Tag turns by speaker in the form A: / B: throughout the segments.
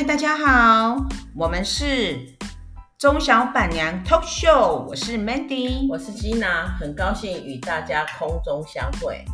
A: 嗨，Hi, 大家好，我們是中小板娘 Talk Show，我是 Mandy，我是 Gina，很高興與大家空中相會。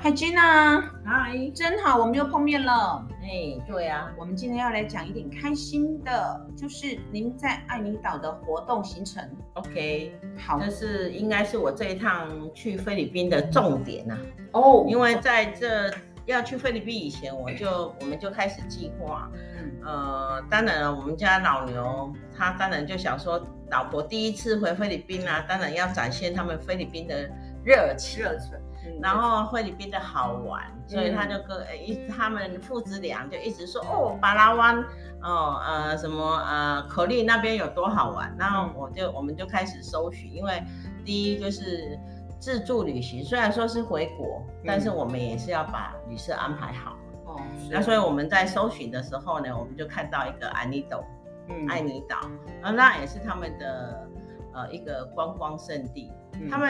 A: 嗨，Gina，嗨，真好，我們又碰面了。哎，hey, 對啊，我們今天要來講一點開心的，就是您在愛妮島的活動行程。OK，好，這是應該是我這一趟去菲律賓的重點吶、啊。哦，oh. 因為在這要去菲律賓以前我，我就我們就開始計劃。嗯，mm. 呃，當然了，我們家老牛他當然就想說，老婆第一次回菲律賓啊，當然要展現他們菲律賓的。熱氣熱水，然後菲律賓的好玩，氣所以他就跟、嗯、一，他們父子倆就一直說、嗯、哦，巴拉灣哦呃什麼呃，可麗那邊有多好玩？那我就、嗯、我們就開始搜尋，因為第一就是自助旅行，雖然說是回國，嗯、但是我們也是要把旅社安排好。哦、嗯，那所以我們在搜尋的時候呢，我們就看到一個愛妮島，嗯，愛妮島，那也是他們的呃一個觀光勝地。他們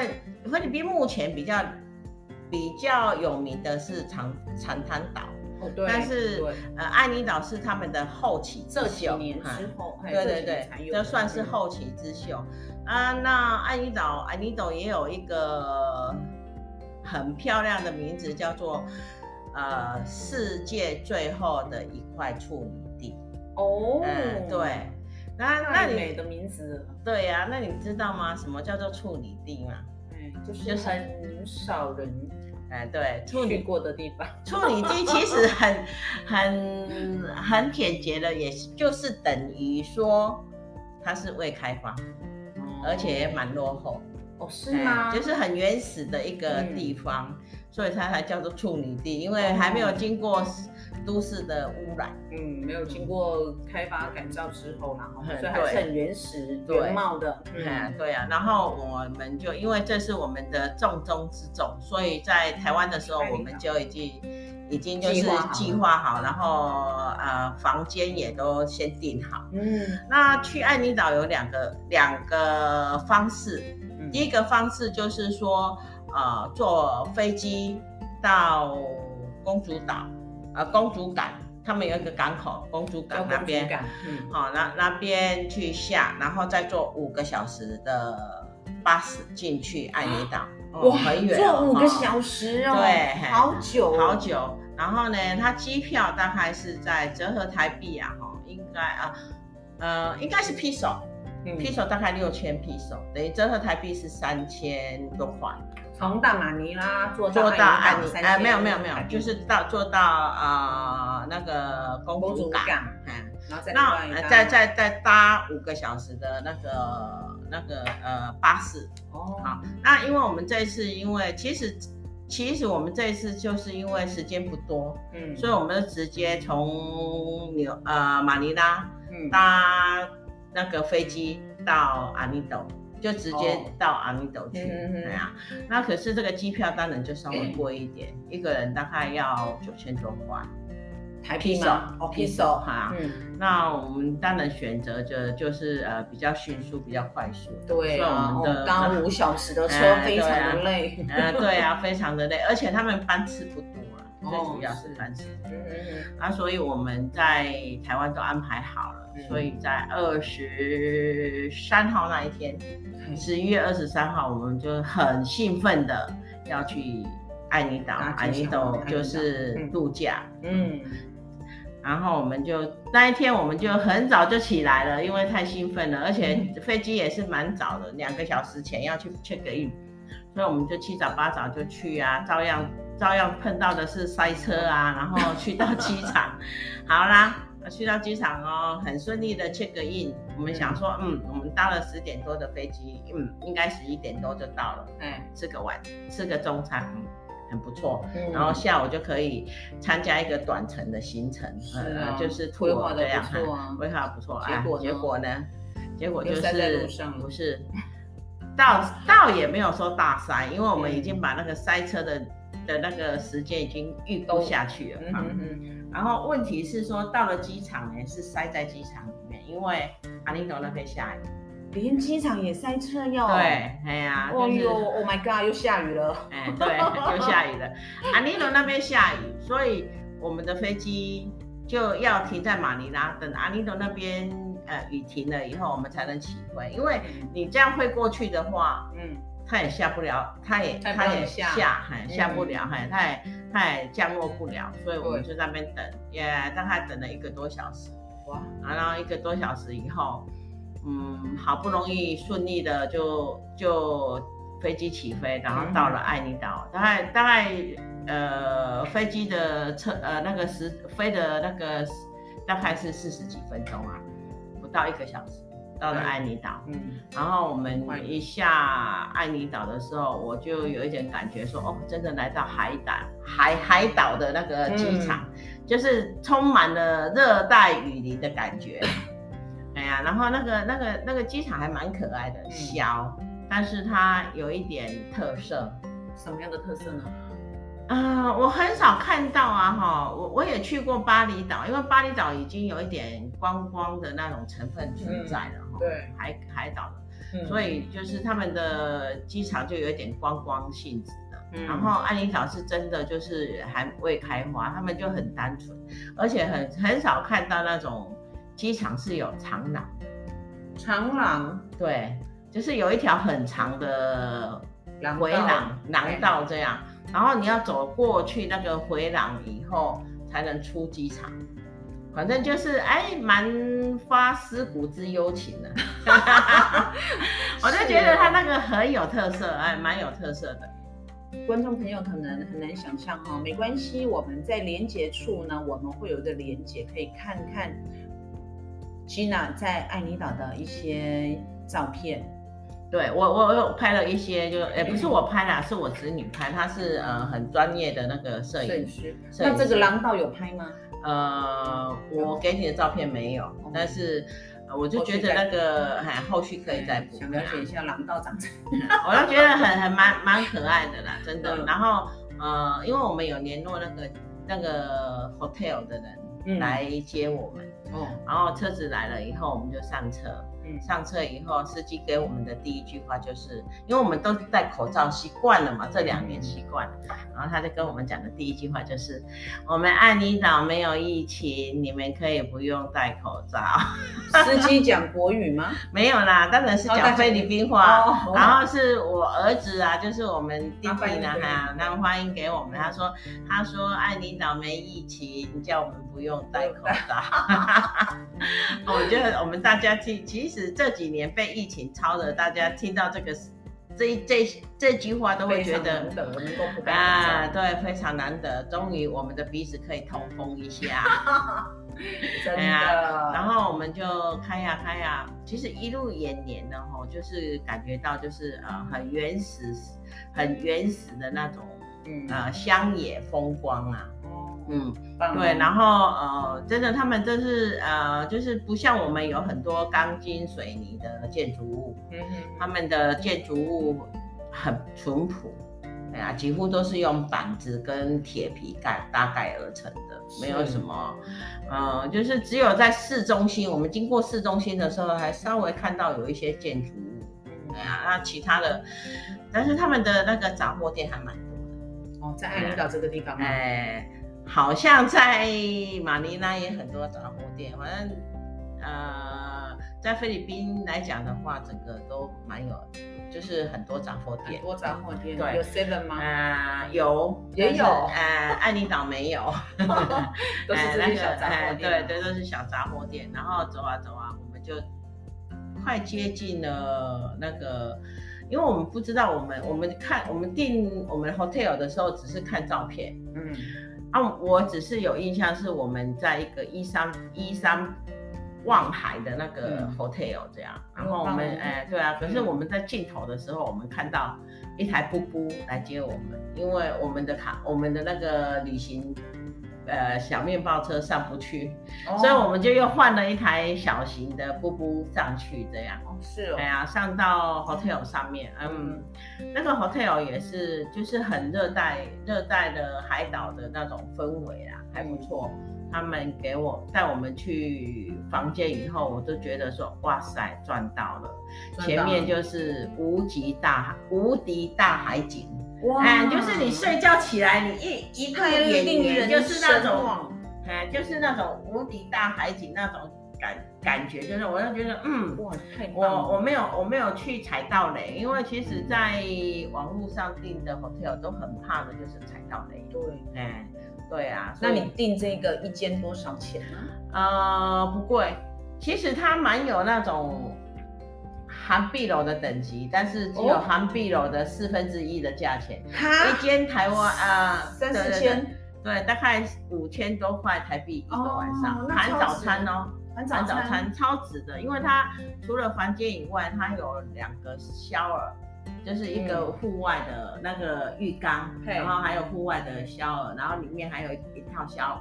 A: 菲律賓目前比較比較有名的是長長灘島，哦、對，但是對呃，愛妮島是他們的後起之秀，這幾年之後，啊，對對對，這算是後起之秀啊。那愛妮島，愛妮島也有一個很漂亮的名字，叫做呃，世界最後的一塊處女地。哦、呃，對。那那你美的名字對呀、啊，那你知道嗎？什麼叫做處女地嘛？欸、就是很少人，哎，對，處女過的地方。處女地其實很很、嗯、很簡潔的，也就是等於說它是未開發，嗯、而且也蠻落後。哦，是嗎？就是很原始的一個地方，嗯、所以它才叫做處女地，因為還沒有經過。哦都市的污染，嗯，沒有經過開發改造之後，嗯、然後很所以還是很原始對對原貌的，啊、嗯嗯、對啊。然後我們就因為這是我們的重中之重，所以在台灣的時候我們就已經已經就是計劃好，然後呃房間也都先訂好。嗯，那去愛妮島有兩個兩個方式，嗯、第一個方式就是說呃坐飛機到公主島。呃，公主港，他們有一個港口，公主港那邊，嗯，好、哦，那那邊去下，然後再坐五個小時的巴士進去愛尼島、啊，哇，嗯、很遠，這五個小時哦，哦對，好久、哦，好久。然後呢，它機票大概是在折合台幣啊，哈，應該啊，呃，應該是 Piso、嗯 Piso、大概六千 Piso 等於折合台幣是三千多塊。從大馬尼拉坐到愛妮，呃，沒有沒有沒有，就是到坐到呃那個公主港，嗯，然後再再再搭五個小時的那個那個呃巴士，哦，好，那因為我們這一次因為其實其實我們這一次就是因為時間不多，嗯，所以我們就直接從紐呃馬尼拉，嗯，搭那個飛機到愛妮島。就直接到愛妮島去，那可是這個機票當然就稍微貴一點，欸、一個人大概要九千多塊台幣嘛，哦、Piso，哈。Piso 嗯。嗯，那我們當然選擇的就是呃比較迅速，比較快速。對、啊、所以我們的剛、哦、五小時的車非常的累。嗯，對啊，對啊對啊非常的累， 而且他們班次不多。最主要是團餐，那、嗯嗯嗯、啊、所以我們在台灣都安排好了。嗯、所以在二十三號那一天，十一、嗯、月二十三號，我們就很興奮的要去愛妮島。啊、愛妮島就是度假，嗯，嗯然後我們就那一天我們就很早就起來了，因為太興奮了，而且飛機也是蠻早的，兩個小時前要去 check in，所以我們就七早八早就去啊，照樣。照樣碰到的是塞車啊，然後去到機場， 好啦，去到機場哦、喔，很順利的 check in、嗯。我們想說，嗯，我們搭了十點多的飛機，嗯，應該十一點多就到了，嗯、欸，吃個晚吃個中餐，嗯，很不錯。嗯、然後下午就可以參加一個短程的行程，嗯、啊，就是規劃的、啊、的不錯、啊，規劃不錯、啊。結果結果呢？結果呢，結果就是不是倒到到也沒有說大塞，因為我們已經把那個塞車的。的那個時間已經預購下去了，嗯嗯，然後問題是說到了機場呢是塞在機場裡面，因為愛妮島那邊下雨，連機場也塞車要。對，哎呀、啊，哎我 Oh my god，又下雨了，哎、對， 又下雨了，愛妮島那邊下雨，所以我們的飛機就要停在馬尼拉，等愛妮島那邊我、呃、雨停了以後，我們才能起飛，因為你這樣會過去的話，嗯。他也下不了，他也，他也下，嗨、嗯、下不了，嗯、他也，嗯、他也降落不了，所以我們就在那邊等，也對、yeah, 大概等了一個多小時，哇，然後一個多小時以後，嗯，好不容易順利的就就飛機起飛，然後到了愛妮島，嗯、大概大概呃飛機的車呃那個時飛的那個大概是四十幾分鐘啊，不到一個小時。到了愛妮島，嗯、然後我們一下愛妮島的時候，我就有一點感覺說，嗯、哦，真的來到海島，海海島的那個機場，嗯、就是充滿了熱帶雨林的感覺。嗯、哎呀，然後那個那個那個機場還蠻可愛的，嗯、小，但是它有一點特色，什麼樣的特色呢？啊、呃，我很少看到啊，哈、哦，我我也去過巴厘島，因為巴厘島已經有一點觀光、光的那種成分存在了。嗯對海海島的，嗯、所以就是他們的機場就有一點觀光，光性質的。嗯、然後愛妮島是真的，就是還未開發，嗯、他們就很單純，而且很很少看到那種機場是有長廊。長廊，對，就是有一條很長的回廊廊道，廊道這樣，嗯、然後你要走過去那個回廊以後，才能出機場。反正就是哎，蠻發思古之幽情的，
B: 我就覺得他那
A: 個很有特色，哎、哦，蠻有特色的。觀眾朋友可能很難想象哈、哦，嗯、沒關係，我們在連接處呢，我們會有一個連接，可以看看吉娜在愛妮島的一些照片。對我，我有拍了一些就，就哎，不是我拍啦、啊，是我姪女拍，她是呃很專業的那個攝影，攝影師。攝影師那這個廊道有拍嗎？呃，嗯、我給你的照片沒有，嗯、但是我就覺得那個哎、啊，後續可以再補，了嗯、解一下郎道長， 我就覺得很很蠻蠻可愛的啦，真的。嗯、然後呃，因為我們有聯絡那個那個 hotel 的人來接我們，哦、嗯，然後車子來了以後，我們就上車。嗯、上車以後，司機給我們的第一句話就是，因為我們都戴口罩習慣了嘛，嗯、這兩年習慣。然後他就跟我們講的第一句話就是，我們愛妮島沒有疫情，你們可以不用戴口罩。司機講國語嗎？ 沒有啦，當然是講菲律賓話。哦、然後是我兒子啊，就是我們弟弟男孩，他歡迎給我們，他說他說愛妮島沒疫情，叫我們。不用戴口罩， 我覺得我們大家其實這幾年被疫情操的，大家聽到這個這這這句話都會覺得啊，對，非常難得，終於我們的鼻子可以通風一下， 真的、哎呀。然後我們就開呀開呀，其實一路延綿的吼就是感覺到就是呃很原始、很原始的那種，嗯啊鄉野風光啊。嗯，棒對，然後呃，真的，他們就是呃，就是不像我們有很多鋼筋水泥的建築物，他們的建築物很淳樸，對幾乎都是用板子跟鐵皮蓋搭蓋而成的，沒有什麼，呃，就是只有在市中心，我們經過市中心的時候還稍微看到有一些建築物，嗯嗯、啊，那其他的，但是他們的那個雜貨店還蠻多的，哦，在愛妮島這個地方嗎？哎、嗯。欸好像在馬尼拉也很多雜貨店，反正呃，在菲律賓來講的話，整個都蠻有，就是很多雜貨店，很多雜貨店，對有 seven 嗎？啊、呃，有，也有，呃，愛妮島沒有， 都是這些小雜貨店，呃呃、對對，都是小雜貨店。然後走啊走啊，我們就快接近了那個，因為我們不知道我們，我們我們看我們訂我們 hotel 的時候只是看照片，嗯。啊，我只是有印象是我們在一個一三一三望海的那個 hotel 這樣，嗯、然後我們哎對啊，對可是我們在盡頭的時候，我們看到一台瀑布來接我們，因為我們的卡我們的那個旅行。呃，小麵包車上不去，哦、所以我們就又換了一台小型的步步上去，這樣。是、哦。哎呀、啊，上到 hotel 上面，嗯，那個 hotel 也是就是很熱帶熱帶的海島的那種氛圍啊，還不錯。嗯、他們給我帶我們去房間以後，我都覺得說，哇塞，賺到了！到了前面就是無極大無敵大海景。哎 Wow,、嗯，就是你睡覺起來，你一一個眼、嗯、就是那種，哎、嗯，就是那種無敵大海景那種感、嗯、感覺，就是我就覺得，嗯，哇，太棒了，我我沒有我沒有去踩到雷，因為其實在網路上訂的 hotel 都很怕的就是踩到雷。對、嗯、哎、嗯，對啊，那你訂這個一間多少錢呢？呃，不貴，其實它蠻有那種。嗯涵碧樓的等級，但是只有涵碧樓的四分之一的價錢，哦、一間台灣呃三四千，對，大概五千多塊台幣一個晚上，含、哦、早餐哦、喔，含早,早餐超值的，因為它除了房間以外，它有兩個 shower，就是一個戶外的那個浴缸，嗯、然後還有戶外的 shower，然後裡面還有一套 shower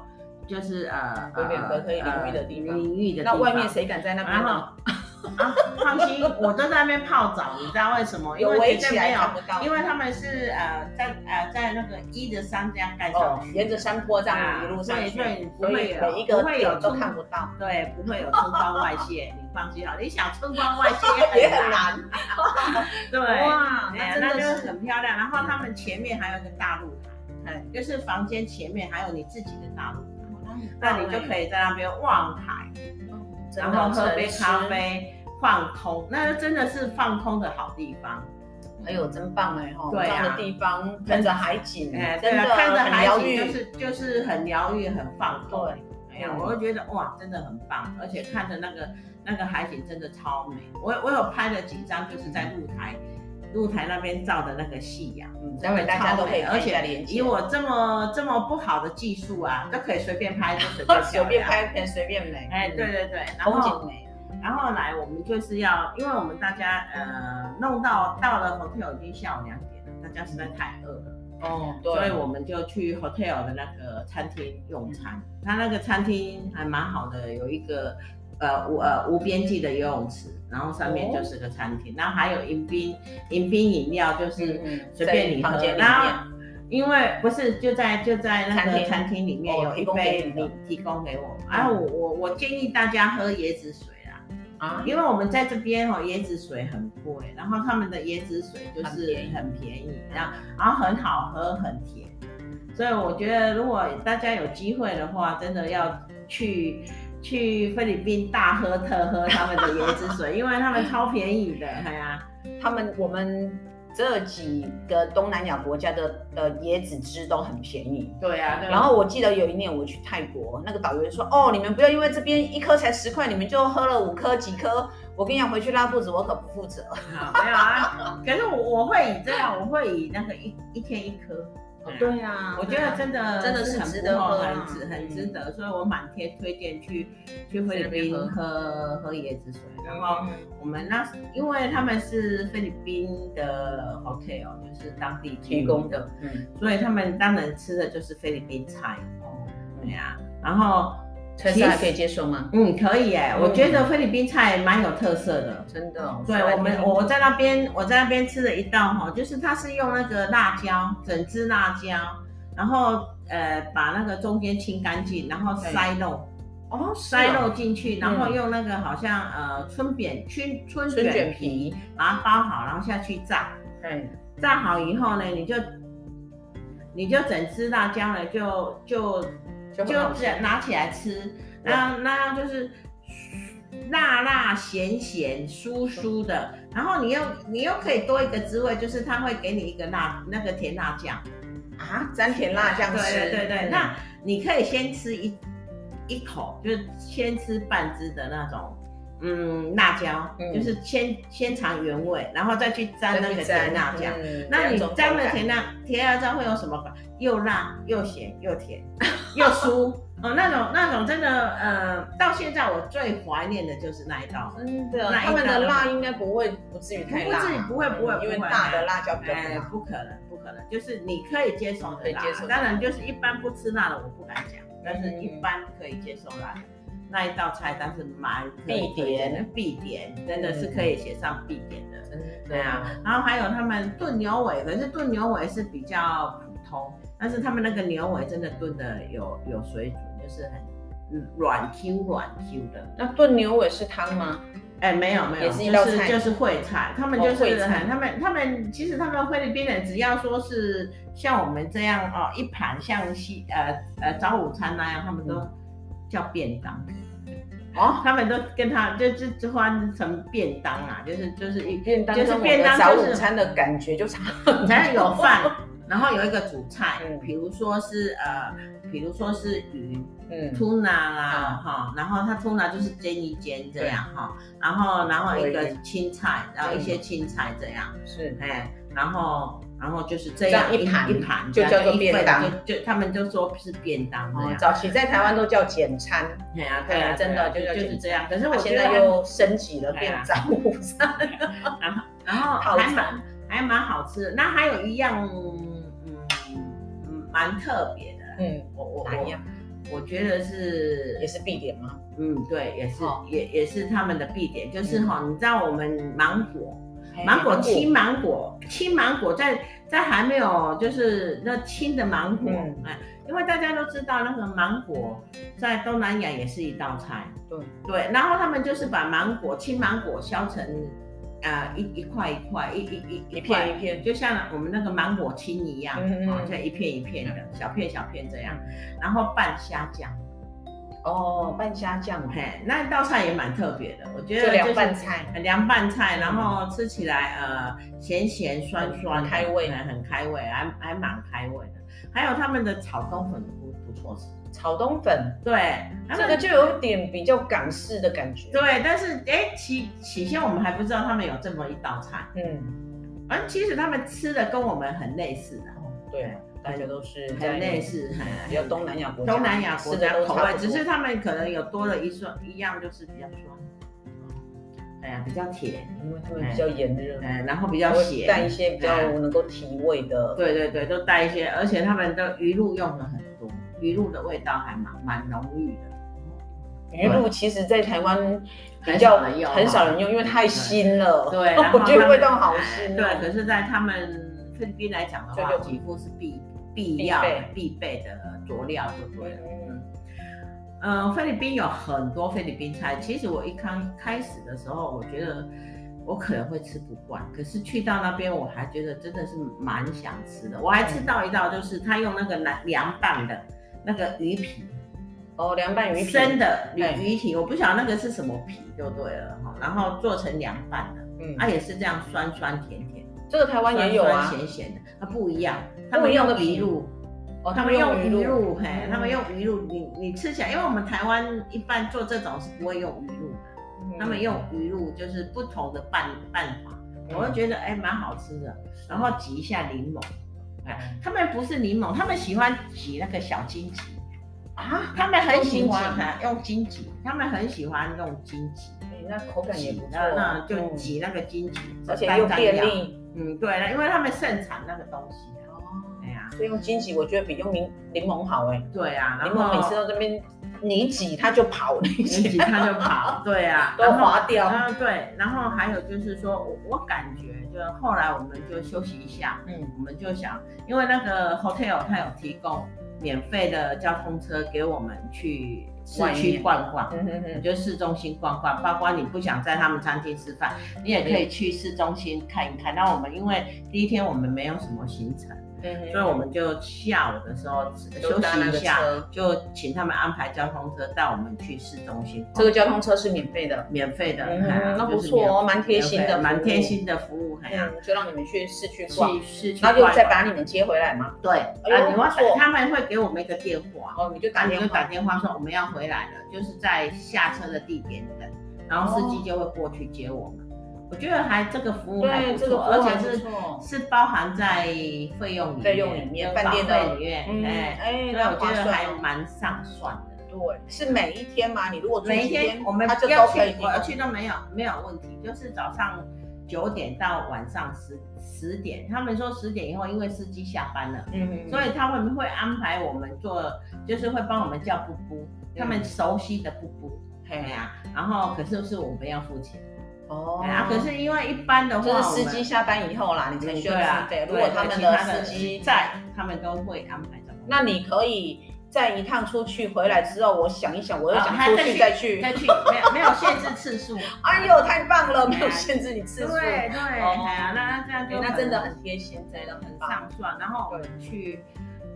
A: 就是呃兩、嗯、個可以淋浴的淋浴的，那外面誰敢在那邊？ 啊，放心，我都在那邊泡澡，你知道為什麼？因為，起來看不到，因為他們是呃在呃在那個依着山這樣蓋的、哦，沿着山坡這樣一路上去，啊、所以每以一個有，都看不到，對，不會有春光外泄， 你放心好，你想春光外泄也很難， Yeah . 對，哇，那、欸、真的是很漂亮。然後他們前面還有一個大露台、嗯，就是房間前面還有你自己的大露台，嗯、那你就可以在那邊望海。嗯然後喝杯咖啡，是放空，那真的是放空的好地方。哎呦，真棒哎！對、啊。這樣的地方，的看着海景，哎的，對、啊、看着海景就是就是很療癒、很放空。對，哎呀，我會覺得哇，真的很棒，而且看着那個那個海景真的超美。我我有拍了幾張，就是在露台。露臺那邊照的那個夕陽，嗯，待會大家都可以一連結，而且以我這麼這麼不好的技術啊，都、嗯、可以隨便拍，隨便拍片，隨便美。哎，嗯、對對對，然後，風景然後來我們就是要，因為我們大家呃弄到到了 hotel 已經下午兩點了，大家實在太餓了，哦、嗯、對，所以我們就去 hotel 的那個餐廳用餐，嗯、他那個餐廳還蠻好的，有一個。呃無呃無邊際的游泳池，然後上面就是個餐廳，哦、然後還有迎賓迎賓飲料，就是隨便你喝。嗯嗯、然後因為不是就在就在那個餐廳裡面有一杯你提供給我們，然、哦啊、我我我建議大家喝椰子水啦啊，嗯、因為我們在這邊哦椰子水很貴，然後他們的椰子水就是很便宜，然後然後很好喝很甜，所以我覺得如果大家有機會的話，真的要去。去菲律賓大喝特喝他們的椰子水， 因為他們超便宜的。是啊，他們我們這幾個東南亞國家的的、呃、椰子汁都很便宜。對啊，對啊，然後我記得有一年我去泰國，那個導遊說，哦，你們不要因為這邊一顆才十塊，你們就喝了五顆幾顆，我跟你講回去拉肚子我可不負責。沒有啊， 可是我我會以這樣，我會以那個一一天一顆。對啊，對啊，我覺得真的，很不的真的是很值得很值、嗯、很值得，所以我滿天推薦去、嗯、去菲律賓喝吃得 喝，喝椰子水。然後我們那因為他們是菲律賓的 hotel，就是當地提供的，嗯嗯、所以他們當然吃的就是菲律賓菜。哦、嗯，對呀、啊，然後。
B: 菜
A: 色還可以接受嗎？嗯，可以哎，嗯、我覺得菲律賓菜蠻有特色的，真的、哦。對我們，我在那邊，我在那邊吃了一道哈、哦，就是它是用那個辣椒，整隻辣椒，然後呃把那個中間清乾淨，然後塞肉，對哦，塞肉進去，啊、然後用那個好像呃春扁春春捲皮把它包好，然後下去炸。對，炸好以後呢，你就你就整隻辣椒呢就就。就就，就拿起來吃，那那樣就是辣辣、鹹鹹、酥酥的，然後你又你又可以多一個滋味，就是他會給你一個辣那個甜辣醬啊，沾甜辣醬吃。對對，對對對，那你可以先吃一一口，就是先吃半隻的那種。嗯，辣椒就是先先嘗原味，嗯、然後再去沾那個甜辣醬。嗯、那你沾了甜辣，甜辣醬會有什麼？又辣又鹹又甜、嗯、又酥 哦，那種那種真的呃，到現在我最懷念的就是那一道。真的，那他們的辣應該不會不至於太辣。嗯、不至於不會，不會，不會，因為大的辣椒比較、哎呃。不可能，不可能，就是你可以接受的辣。可以接受。當然就是一般不吃辣的，我不敢講。嗯、但是，一般可以接受辣的。那一道菜，但是蠻必點典必點，真的是可以寫上必點的，嗯、對啊。然後還有他們燉牛尾，對可是燉牛尾是比較普通，但是他們那個牛尾真的燉的有有水準，就是很軟 Q 軟 Q 的。那燉牛尾是湯嗎？哎、欸，沒有沒有，也是一道菜，就是燴、就是、燴菜。他們就是、哦燴菜他們，他們他們其實他們菲律賓人只要說是像我們這樣哦，一盤像西呃呃早午餐那樣，他們都叫便當。哦，他們都跟他就就就換成便當啊，就是就是一便當，就是便當就是早午餐的感覺，就差。然後有飯，然後有一個主菜，比、嗯、如說是呃，比如說是魚，嗯，吐納啊，哈、嗯，然後它吐納就是煎一煎這樣哈、嗯，然後然後一個青菜，然後一些青菜這樣，嗯、是，哎，然後。然後就是這樣一盤一盤，就叫做便當，就他們就說是便當。早期在台灣都叫簡餐，對啊，對啊，真的就就是這樣。可是，我現在又升級了，便當午餐，然後還蠻還蠻好吃的。那還有一樣，嗯蠻特別的。嗯，我我我，覺得是也是必點嗎？嗯，對，也是也也是他們的必點，就是哈，你知道我們芒果。欸、芒果，芒果青，芒果青，芒果在在還沒有就是那青的芒果，嗯，因為大家都知道那個芒果在東南亞也是一道菜，對、嗯、對，然後他們就是把芒果青芒果削成啊、呃、一一塊一塊一一一,一、片一片一片，就像我們那個芒果青一樣，好像、嗯嗯、一片一片的小片小片這樣，然後拌蝦醬。哦，拌蝦醬，嘿，那道菜也蠻特別的。我覺得涼拌菜，嗯、涼拌菜，然後吃起來呃，鹹鹹酸酸，嗯、還開胃呢，很開胃，還還蠻開胃的。還有他們的炒冬粉不不錯，炒冬粉，對，這個就有點比較港式的感覺。對，但是哎，起起先我們還不知道他們有這麼一道菜。嗯，而其實他們吃的跟我們很類似的。哦、對。大家都是，那是有東南亞國家，東南亞國家口味，只是他們可能有多了一雙，一樣就是比較說，哎呀，比較甜，因為他們比較炎熱，嗯，然後比較鹹，帶一些比較能夠提味的，對對對，都帶一些，而且他們的魚露用了很多，魚露的味道還蠻蠻濃郁的。魚露其實，在台灣比較很少人用，因為太腥了，對，我覺得味道好腥，對，可是，在他們菲律賓來講的話，幾乎是必。必備必備的佐料就對了。嗯嗯，嗯、呃，菲律賓有很多菲律賓菜。其實我一剛開始的時候，我覺得我可能會吃不慣。可是去到那邊，我還覺得真的是蠻想吃的。我還吃到一道，就是他用那個涼涼拌的那個魚皮。哦，涼拌魚皮生的魚魚皮，嗯、我不曉得那個是什麼皮，就對了哈。然後做成涼拌的，嗯，它也是這樣酸酸甜甜。這個台灣也有啊，鹹鹹的，它不一樣。他們用魚露、哦，他們用魚露，嘿，嗯、他們用魚露，你你吃起來，因為我們台灣一般做這種是不會用魚露的，嗯、他們用魚露就是不同的辦法，嗯、我會覺得哎，蠻、欸、好吃的，然後擠一下檸檬，嗯、他們不是檸檬，他們喜歡擠那個小金桔。啊，他們很喜歡用金桔，他們很喜歡用金桔。那口感也不錯，擠那就擠那個金桔，而且又便利。嗯，對，那因為他們盛產那個東西哦，哎呀、啊，所以用金桔我覺得比用檸檸檬好哎。對啊，檸檬每次都這邊你擠它就跑，你擠它就跑。 對啊，都滑掉。對。然後還有就是說，我我感覺就是後來我們就休息一下，嗯，我們就想，因為那個 hotel 它有提供免費的交通車給我們去。市區逛逛，嗯、哼哼你就市中心逛逛，包括你不想在他們餐廳吃飯，你也可以去市中心看一看。那、嗯、哼我們因為第一天我們沒有什麼行程。所以我們就下午的時候休息一下，就請他們安排交通車帶我們去市中心。這個交通車是免費的，免費的。那不錯，蠻貼心的，蠻貼心的服務，哎呀，就讓你們去市區逛，然後就再把你們接回來嘛。對，然後他們會給我們一個電話，哦，你就打，你就打電話說我們要回來了，就是在下車的地點等，然後司機就會過去接我們。我覺得還這個服務還不錯，而且是是包含在費用費用裡面，飯店裡面，哎哎，所以我覺得還蠻上算的。對，是每一天嗎？你如果每天，我們要都可以，要去都沒有沒有問題，就是早上九點到晚上十十點，他們說十點以後因為司機下班了，嗯，所以他們會安排我們做，就是會幫我們叫布布，他們熟悉的布布，對呀，然後可是不是我們要付錢。哦，可是因為一般的話，就是司機下班以後啦，你才需要付費。如果他們的司機在，他們都會安排的。那你可以在一趟出去回來之後，我想一想，我又想出去再去再去，沒有沒有限制次數。哎呦，太棒了，沒有限制你次數。對對，那那這樣就那真的很貼心，真的很上算。然後去。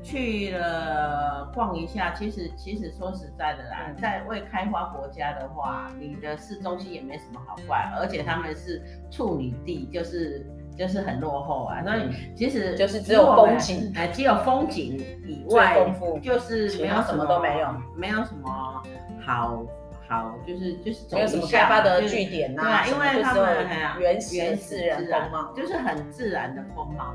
A: 去了逛一下，其實其實說實在的啦，在未開發國家的話，你的市中心也沒什麼好逛，而且他們是處女地，就是就是很落後啊。那其實就是只有風景，哎，只有風景以外，就是沒有什麼都沒有，沒有什麼好好就是就是沒有什麼開發的據點吶，因為他們原始原始人風貌，就是很自然的風貌。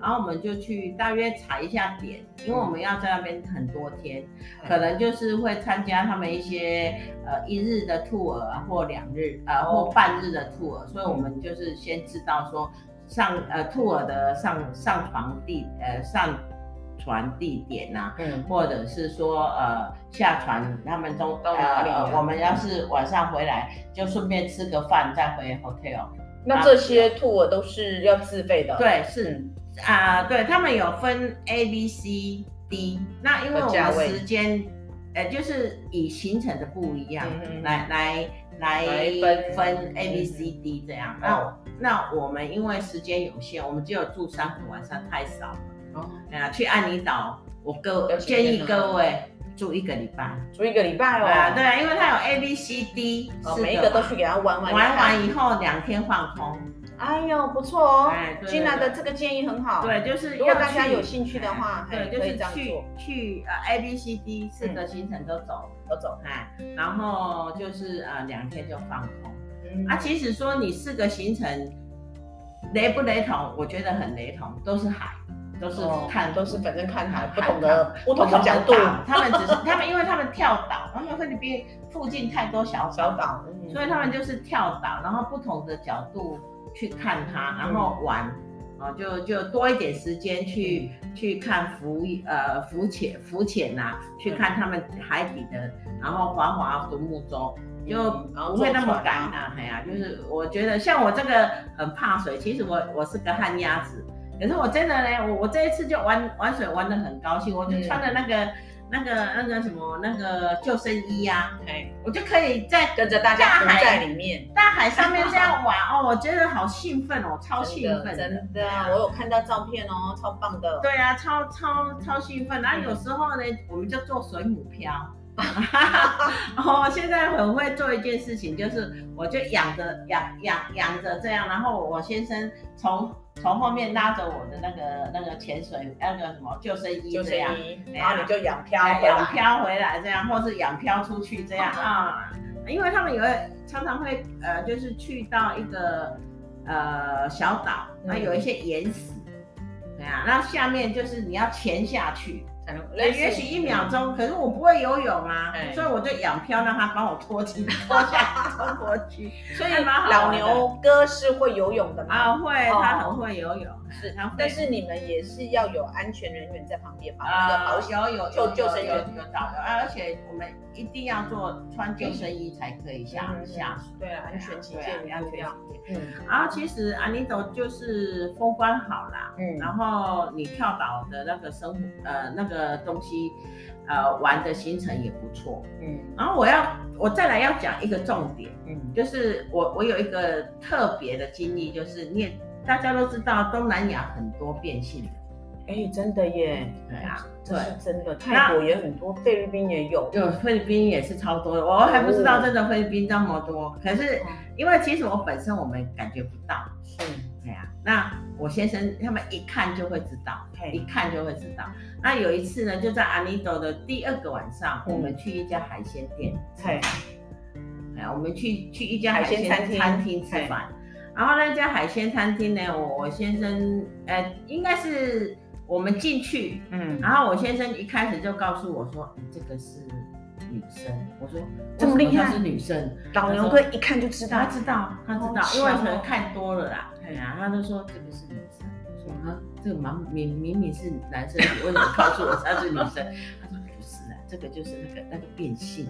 A: 然後我們就去大約踩一下點，因為我們要在那邊很多天，可能就是會參加他們一些呃一日的 tour 或兩日呃或半日的 tour，所以我們就是先知道說上呃 tour 的上上船地呃上船地點吶、啊，嗯、或者是說呃下船他們都呃都我們要是晚上回來就順便吃個飯再回 hotel。那這些 tour 都是要自費的、啊？對，是。啊、呃，對他們有分 A B C D，那因為我們時間，呃，就是以行程的不一樣、嗯、哼來來來分 A,、嗯、哼分 A B C D 這樣。那、嗯、哼那我們因為時間有限，我們只有住三晚，晚上太少了。哦。哎、啊、去愛妮島，我個建議各位住一個禮拜，住一個禮拜吧、哦啊。對啊，因為他有 A B C D，哦，每一個都是給他玩玩玩完以後兩天放空。哎呦，不錯哦！金娜的這個建議很好。對，就是要大家有興趣的話，對，就是去去呃 a B、C、D 四個行程都走，都走看。然後就是呃兩天就放空。啊，其實說你四個行程雷不雷同，我覺得很雷同，都是海，都是看，都是反正看海。不同的，不同的角度。他們只是他們，因為他們跳島，他們菲律賓附近太多小島，所以他們就是跳島，然後不同的角度。去看它，然後玩，對哦，就就多一點時間去、嗯、去看浮呃浮潛浮潛呐、啊，去看他們海底的，然後划划獨木舟，嗯、就不會那麼趕呐、啊。哎呀、嗯啊，就是我覺得像我這個很怕水，其實我我是個旱鴨子，可是我真的呢，我我這一次就玩玩水玩得很高興，我就穿了那個。嗯那個、那個什麼、那個救生衣呀、啊，對我就可以在跟着大家都在裡面大，大海上面這樣玩好哦，我覺得好興奮哦，超興奮，真的，嗯、我有看到照片哦，超棒的，對啊，超超超興奮，然後、嗯啊、有時候呢，我們就做水母漂。哈哈，哈， 哦，現在很會做一件事情，就是我就仰着仰仰仰着這樣，然後我先生從從後面拉着我的那個那個潛水那個什麼救生衣，這樣，就這樣然後你就仰漂、啊、仰漂回來這樣，或是仰漂出去這樣啊、哦，因為他們也會常常會呃，就是去到一個呃小島，那有一些岩石，嗯、對啊，那下面就是你要潛下去。也許一秒鐘，似可是我不會游泳啊，對所以我就仰漂，讓他幫我拖起、 拖下、拖起，所以老牛哥是會游泳的嗎？啊，會，他很會游泳。哦。是，但是你們也是要有安全人員在旁邊嘛，那個保鏢有救、救生員有導遊啊，而且我們一定要做穿救生衣才可以下下水，對啊，安全起見，安全起見。嗯，然後其實愛妮島就是風光好啦，嗯，然後你跳島的那個生活，呃，那個東西，呃，玩的行程也不錯，嗯，然後我要我再來要講一個重點，嗯，就是我我有一個特別的經歷，就是念。大家都知道東南亞很多變性的，哎，真的耶，對啊，對，真的。泰國也有很多，菲律賓也有，菲律賓也是超多的，我還不知道真的菲律賓那麼多。可是因為其實我本身我們感覺不到，是，對啊。那我先生他們一看就會知道，一看就會知道。那有一次呢，就在愛妮島的第二個晚上，我們去一家海鮮店，哎，哎呀，我們去去一家海鮮餐廳吃飯。然後那家海鮮餐廳呢，我先生，呃，應該是我們進去，嗯，然後我先生一開始就告訴我說，嗯，這個是女生。我說麼這麼厲害，是女生。老牛哥一看就知道他，他知道，他知道，吃因為可能看多了啦。對啊，他都說這個是女生。我說啊，這個明明明是男生，你為什麼告訴我他是女生？ 他說不是啊，這個就是那個那個變性。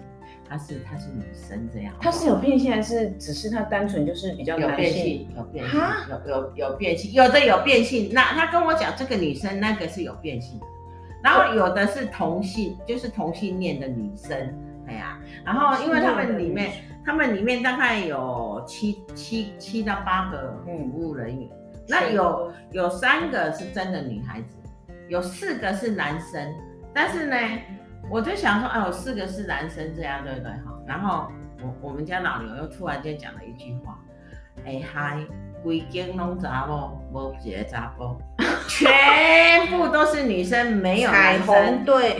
A: 她是她是女生這樣，她是有變性還是只是她單純就是比較有變性？有變性？蛤有有有變性？有的有變性，那她跟我講這個女生那個是有變性，然後有的是同性，對就是同性戀的女生，哎呀。然後因為他們裡面，他們，他們裡面大概有七七七到八個服務人員，嗯、那有以有三個是真的女孩子，有四個是男生，但是呢。我就想說，哎，我四個是男生這樣，對不對哈？然後我我們家老牛又突然間講了一句話，哎、hey, 嗨，歸金龍咋不，我姐咋不，全部都是女生，沒有男生，彩虹，對，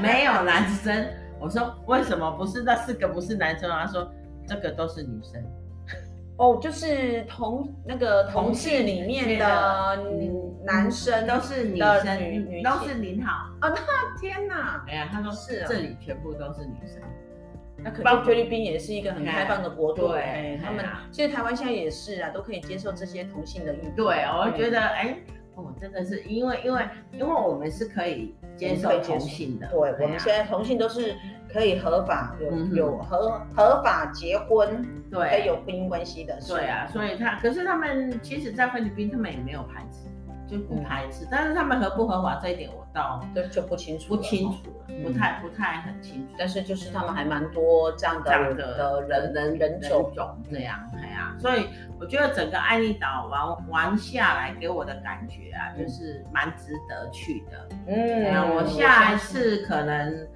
A: 沒有男生。我說為什麼不是？那四個不是男生，他說這個都是女生。哦，就是同那個同事裡面的男生都是女生，女都是您好啊！那天吶，哎呀，他說是啊，這裡全部都是女生，那可能菲律賓也是一個很開放的國度哎，他們其實台灣現在也是啊，都可以接受這些同性的運動，對，我覺得哎，哦，真的是因為因為因為我們是可以接受同性的，對，我們現在同性都是。可以合法有有合合法結婚，對，有婚姻關係的，對啊，所以他可是他們其實，在菲律賓他們也沒有排斥，就不排斥，但是他們合不合法這一點我倒就就不清楚，不清楚了，不太不太很清楚，但是就是他們還蠻多這樣的的人人人種種這樣，哎呀，所以我覺得整個愛妮島玩玩下來給我的感覺啊，就是蠻值得去的，嗯，那我下一次可能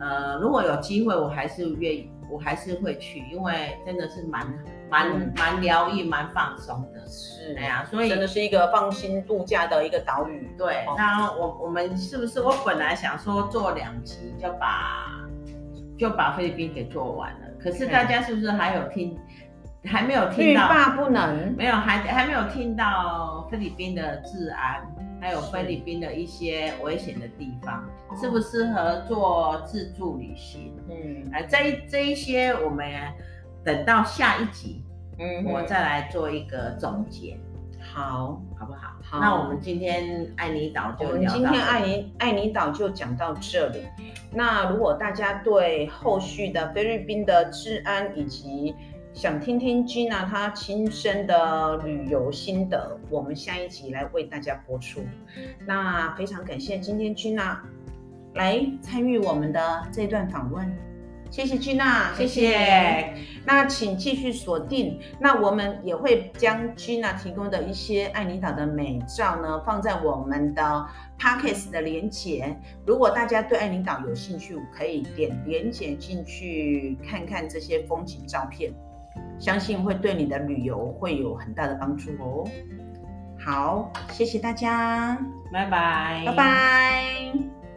A: 呃，如果有機會，我還是願意，我還是會去，因為真的是蠻蠻蠻療癒、蠻、嗯、放鬆的，是這的樣，所以真的是一個放心度假的一個島嶼。對，哦、那我我們是不是？我本來想說做兩集就把就把菲律賓給做完了，可是大家是不是還有聽、嗯、還沒有聽到？欲罷不能，沒有還還沒有聽到菲律賓的治安。還有菲律賓的一些危險的地方，是適不適合做自助旅行？嗯，啊，這這一些我們等到下一集，嗯哼，我們再來做一個總結，好，好不好？好，那我們今天愛妮島就今天愛妮愛妮島就講到這裡。那如果大家對後續的菲律賓的治安以及想聽聽 Gina 她親身的旅遊心得，我們下一集來為大家播出。那非常感謝今天 Gina 來參與我們的這段訪問，謝謝 Gina，謝謝。謝謝。那請繼續鎖定，那我們也會將 Gina 提供的一些愛妮島的美照呢，放在我們的 podcast 的連結。如果大家對愛妮島有興趣，可以點連結進去看看這些風景照片。相信會對你的旅遊會有很大的幫助哦。好，謝謝大家，拜拜，拜拜。